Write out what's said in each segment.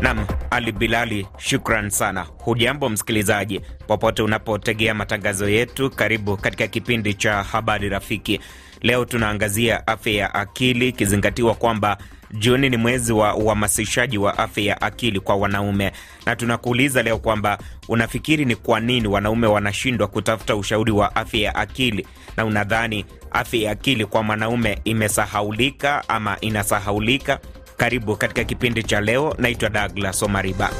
Nam Ali Bilali, shukran sana. Hujambo msikilizaji, popote unapotegea matangazo yetu, karibu katika kipindi cha habari rafiki. Leo tunaangazia afya ya akili, ikizingatiwa kwamba Juni ni mwezi wa uhamasishaji wa afya ya akili kwa wanaume, na tunakuuliza leo kwamba unafikiri ni kwa nini wanaume wanashindwa kutafuta ushauri wa afya ya akili, na unadhani afya ya akili kwa mwanaume imesahaulika ama inasahaulika? Karibu katika kipindi cha leo. Naitwa Douglas Omariba.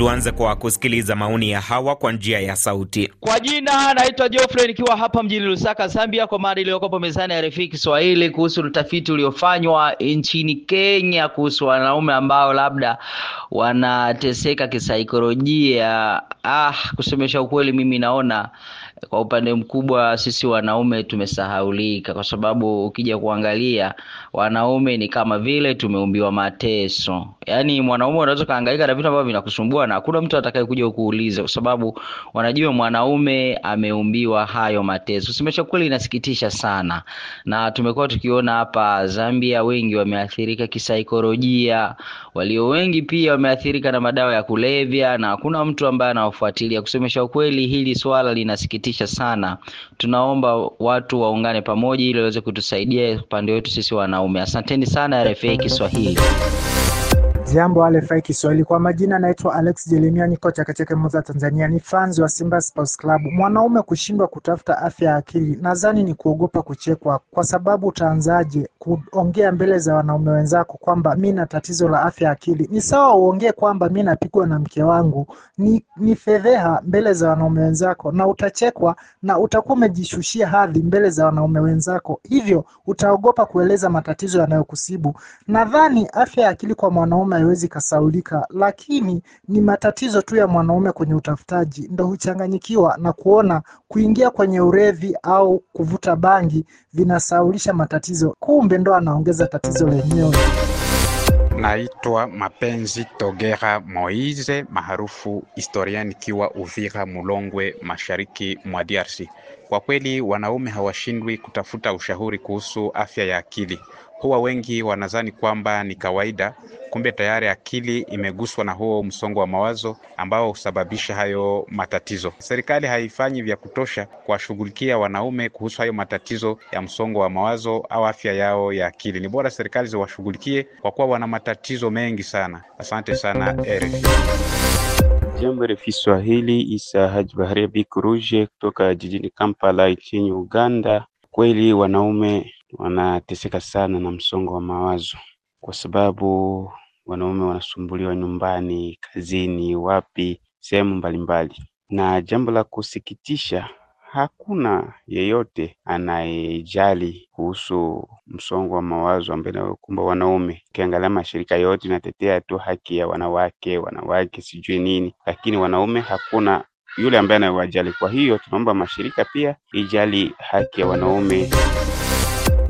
Tuanze kwa kusikiliza maoni ya hawa kwa njia ya sauti. Kwa jina naitwa Geoffrey nikiwa hapa mjini Lusaka, Zambia, kwa mada iliyokopo mezani ya RFI Kiswahili kuhusu utafiti uliofanywa nchini Kenya kuhusu wanaume ambao labda wanateseka kisaikolojia. Ah, kusemesha ukweli, mimi naona kwa upande mkubwa sisi wanaume tumesahaulika, kwa sababu ukija kuangalia wanaume ni kama vile tumeumbiwa mateso. Yaani mwanaume unaweza kaangaika na vitu ambavyo vinakusumbua na hakuna mtu atakaye kuja kukuuliza, kwa sababu wanajua mwanaume ameumbiwa hayo mateso. Simesha kweli, inasikitisha sana, na tumekuwa tukiona hapa Zambia wengi wameathirika kisaikolojia, walio wengi pia wameathirika na madawa ya kulevya, na hakuna mtu ambaye anawafuatilia. Kusemesha ukweli, hili swala linasikitisha inasikitisha sana. Tunaomba watu waungane pamoja ili waweze kutusaidia upande wetu sisi wanaume. Asanteni sana RFA Kiswahili. Jambo RFI Kiswahili, kwa majina naitwa Alex Jeremia, niko Chakechake, Mwanza, Tanzania. Ni fans wa Simba Sports Club. Mwanaume kushindwa kutafuta afya ya akili, nadhani ni kuogopa kuchekwa, kwa sababu utaanzaje kuongea mbele za wanaume wenzako kwamba mi na tatizo la afya ya akili? Ni sawa uongee kwamba mi napigwa na mke wangu, ni, ni fedheha mbele za wanaume wenzako, na utachekwa na utakuwa umejishushia hadhi mbele za wanaume wenzako, hivyo utaogopa kueleza matatizo yanayokusibu. Nadhani afya ya akili kwa mwanaume haiwezi kasaulika, lakini ni matatizo tu ya mwanaume kwenye utafutaji, ndo huchanganyikiwa na kuona kuingia kwenye urevi au kuvuta bangi vinasaulisha matatizo, kumbe ndo anaongeza tatizo lenyewe. Naitwa Mapenzi Togera Moise maarufu historia, nikiwa Uvira Mulongwe, mashariki mwa DRC. Kwa kweli wanaume hawashindwi kutafuta ushauri kuhusu afya ya akili. Huwa wengi wanadhani kwamba ni kawaida, kumbe tayari akili imeguswa na huo msongo wa mawazo ambao husababisha hayo matatizo. Serikali haifanyi vya kutosha kuwashughulikia wanaume kuhusu hayo matatizo ya msongo wa mawazo au afya yao ya akili. Ni bora serikali ziwashughulikie kwa kuwa wana matatizo mengi sana. Asante sana RFI. Jambo refu Swahili, Isa Haji Baharia Bikuruje kutoka jijini Kampala nchini Uganda. Kweli wanaume wanateseka sana na msongo wa mawazo, kwa sababu wanaume wanasumbuliwa nyumbani, kazini, wapi, sehemu mbalimbali, na jambo la kusikitisha hakuna yeyote anayejali kuhusu msongo wa mawazo ambayo inawakumba wanaume. Ukiangalia mashirika yote inatetea tu haki ya wanawake, wanawake sijui nini, lakini wanaume hakuna yule ambaye anawajali. Kwa hiyo tunaomba mashirika pia ijali haki ya wanaume.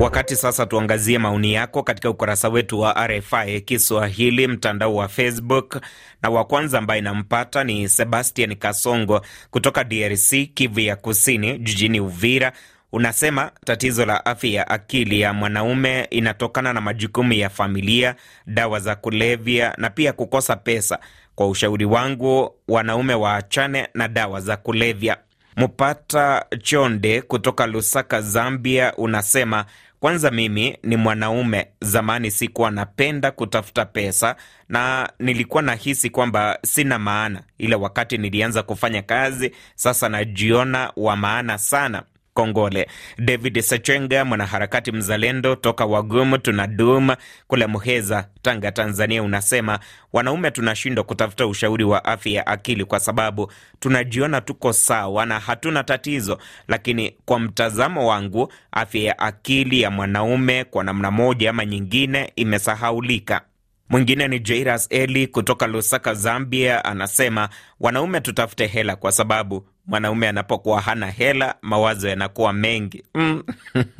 Wakati sasa tuangazie maoni yako katika ukurasa wetu wa RFI Kiswahili, mtandao wa Facebook, na wa kwanza ambaye inampata ni Sebastian Kasongo kutoka DRC, Kivu ya Kusini, jijini Uvira. Unasema tatizo la afya ya akili ya mwanaume inatokana na majukumu ya familia, dawa za kulevya na pia kukosa pesa. Kwa ushauri wangu, wanaume waachane na dawa za kulevya. Mupata Chonde kutoka Lusaka, Zambia, unasema kwanza mimi ni mwanaume, zamani sikuwa napenda kutafuta pesa na nilikuwa nahisi kwamba sina maana, ila wakati nilianza kufanya kazi sasa najiona wa maana sana. Kongole. David Sachenga, mwanaharakati mzalendo toka Wagum tuna dum kule Muheza, Tanga, Tanzania, unasema wanaume tunashindwa kutafuta ushauri wa afya ya akili kwa sababu tunajiona tuko sawa na hatuna tatizo, lakini kwa mtazamo wangu afya ya akili ya mwanaume kwa namna moja ama nyingine imesahaulika. Mwingine ni Jairas Eli kutoka Lusaka, Zambia, anasema wanaume tutafute hela kwa sababu Mwanaume anapokuwa hana hela, mawazo yanakuwa mengi mm.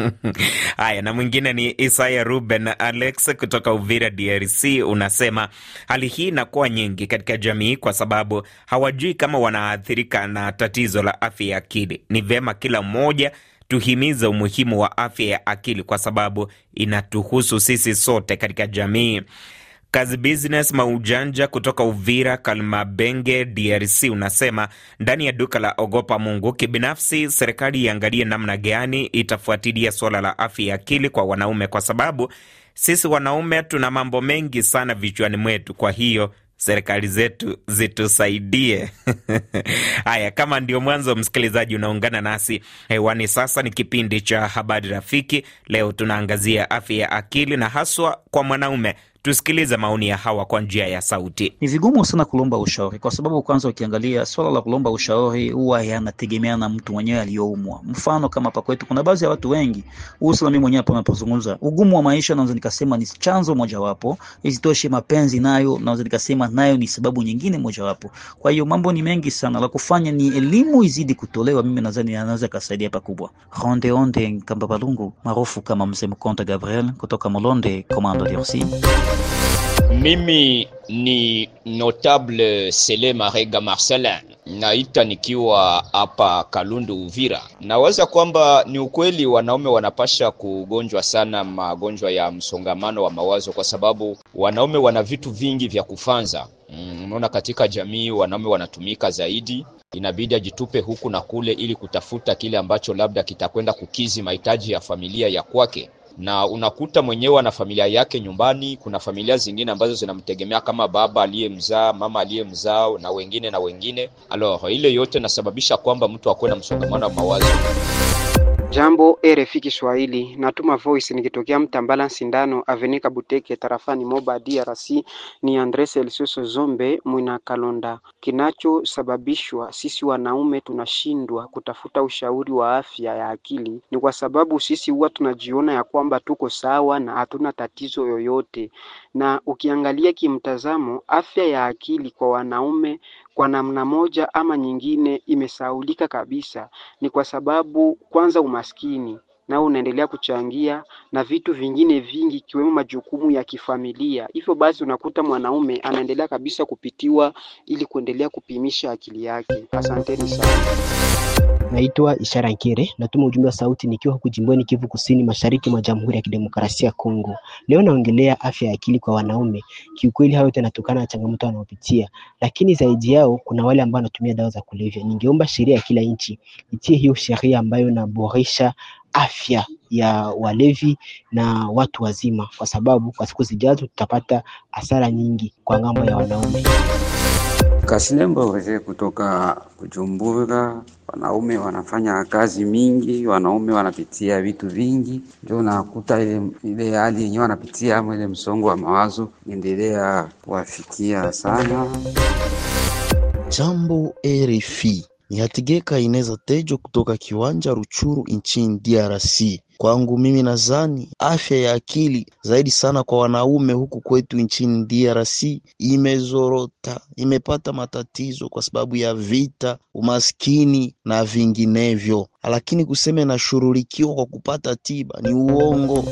Haya, na mwingine ni Isaya Ruben Alex kutoka Uvira, DRC. Unasema hali hii inakuwa nyingi katika jamii kwa sababu hawajui kama wanaathirika na tatizo la afya ya akili. Ni vyema kila mmoja tuhimize umuhimu wa afya ya akili kwa sababu inatuhusu sisi sote katika jamii. Kazi Business Maujanja kutoka Uvira Kalmabenge, DRC unasema ndani ya duka la ogopa Mungu, kibinafsi serikali iangalie namna gani itafuatilia suala la afya ya akili kwa wanaume, kwa sababu sisi wanaume tuna mambo mengi sana vichwani mwetu, kwa hiyo serikali zetu zitusaidie. Haya, kama ndio mwanzo msikilizaji unaungana nasi hewani sasa, ni kipindi cha habari rafiki. Leo tunaangazia afya ya akili na haswa kwa mwanaume. Tusikilize maoni ya hawa kwa njia ya sauti. Ni vigumu sana kulomba ushauri, kwa sababu kwanza, ukiangalia swala la kulomba ushauri huwa yanategemea na mtu mwenyewe aliyoumwa. Mfano kama hapa kwetu kuna baadhi ya watu wengi, hususan mimi mwenyewe hapa napozungumza, ugumu wa maisha naweza nikasema ni chanzo mojawapo. Isitoshe, mapenzi nayo naweza nikasema nayo ni sababu nyingine mojawapo. Kwa hiyo mambo ni mengi sana, la kufanya ni elimu izidi kutolewa. Mimi nadhani anaweza kasaidia pakubwa. Ronde onde kamba balungu maarufu kama Mzee Mkonta Gabriel kutoka Molonde, Komando DRC. Mimi ni notable Sele Marega Marcelin, naita nikiwa hapa Kalundu Uvira. Nawaza kwamba ni ukweli wanaume wanapasha kugonjwa sana magonjwa ya msongamano wa mawazo, kwa sababu wanaume wana vitu vingi vya kufanza. Mm, unaona, katika jamii wanaume wanatumika zaidi, inabidi ajitupe huku na kule ili kutafuta kile ambacho labda kitakwenda kukizi mahitaji ya familia ya kwake na unakuta mwenyewe ana familia yake nyumbani. Kuna familia zingine ambazo zinamtegemea kama baba aliyemzaa, mama aliyemzaa na wengine na wengine. Alors ile yote nasababisha kwamba mtu akuwe na msongamano wa mawazo. Jambo RFI Kiswahili, natuma voice nikitokea Mtambala Sindano Avenika Buteke, tarafani Moba, DRC. Ni Andre Elsoso Zombe Mwina Kalonda. Kinachosababishwa sisi wanaume tunashindwa kutafuta ushauri wa afya ya akili ni kwa sababu sisi huwa tunajiona ya kwamba tuko sawa na hatuna tatizo yoyote, na ukiangalia kimtazamo, afya ya akili kwa wanaume kwa namna moja ama nyingine imesaulika kabisa. Ni kwa sababu kwanza umaskini nao unaendelea kuchangia na vitu vingine vingi ikiwemo majukumu ya kifamilia. Hivyo basi unakuta mwanaume anaendelea kabisa kupitiwa ili kuendelea kupimisha akili yake. Asanteni sana. Naitwa Ishara Nkere, natuma ujumbe wa sauti nikiwa huku jimboni Kivu Kusini, mashariki mwa Jamhuri ya Kidemokrasia ya Kongo. Leo naongelea afya ya akili kwa wanaume. Kiukweli hayo yote yanatokana na changamoto wanaopitia, lakini zaidi yao kuna wale ambao wanatumia dawa za kulevya. Ningeomba sheria ya kila nchi itie hiyo sheria ambayo inaboresha afya ya walevi na watu wazima, kwa sababu kwa siku zijazo tutapata hasara nyingi kwa ngambo ya wanaume kashilembo Roger kutoka kujumbura Wanaume wanafanya kazi mingi, wanaume wanapitia vitu vingi, ndio nakuta ile ile hali yenyewe wanapitia ama ile msongo wa mawazo endelea kuwafikia sana. Jambo RFI ni hatigeka Ineza Tejo kutoka Kiwanja Ruchuru nchini DRC. Kwangu mimi nadhani afya ya akili zaidi sana kwa wanaume huku kwetu nchini DRC imezorota, imepata matatizo kwa sababu ya vita, umaskini na vinginevyo, lakini kuseme nashughulikiwa kwa kupata tiba ni uongo.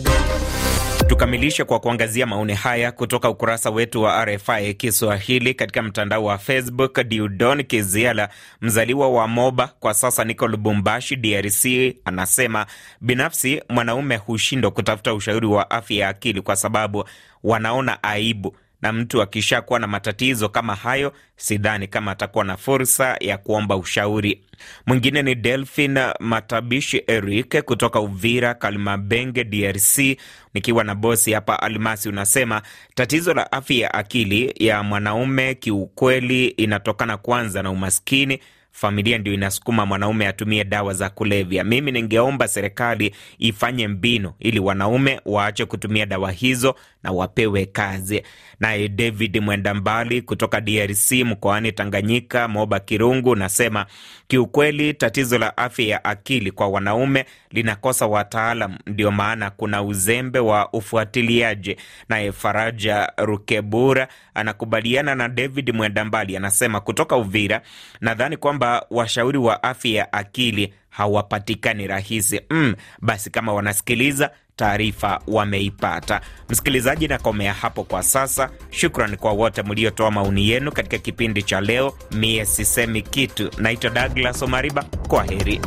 Tukamilishe kwa kuangazia maoni haya kutoka ukurasa wetu wa RFI Kiswahili katika mtandao wa Facebook. Diudon Kiziala, mzaliwa wa Moba, kwa sasa niko Lubumbashi, DRC, anasema binafsi mwanaume hushindwa kutafuta ushauri wa afya ya akili kwa sababu wanaona aibu na mtu akishakuwa na matatizo kama hayo, sidhani kama atakuwa na fursa ya kuomba ushauri. Mwingine ni Delphin Matabishi Eric kutoka Uvira, Kalmabenge, DRC. Nikiwa na bosi hapa Almasi, unasema tatizo la afya ya akili ya mwanaume kiukweli inatokana kwanza na umaskini familia ndio inasukuma mwanaume atumie dawa za kulevya. Mimi ningeomba serikali ifanye mbinu ili wanaume waache kutumia dawa hizo na wapewe kazi. Naye David Mwendambali kutoka DRC mkoani Tanganyika, Moba Kirungu, nasema kiukweli, tatizo la afya ya akili kwa wanaume linakosa wataalam, ndio maana kuna uzembe wa ufuatiliaji. Naye Faraja Rukebura anakubaliana na David Mwendambali, anasema kutoka Uvira, nadhani kwamba kwamba washauri wa afya ya akili hawapatikani rahisi. Mm, basi kama wanasikiliza taarifa wameipata. Msikilizaji, nakomea hapo kwa sasa. Shukran kwa wote mliotoa maoni yenu katika kipindi cha leo. Mie sisemi kitu, naitwa Douglas Omariba. Kwa heri.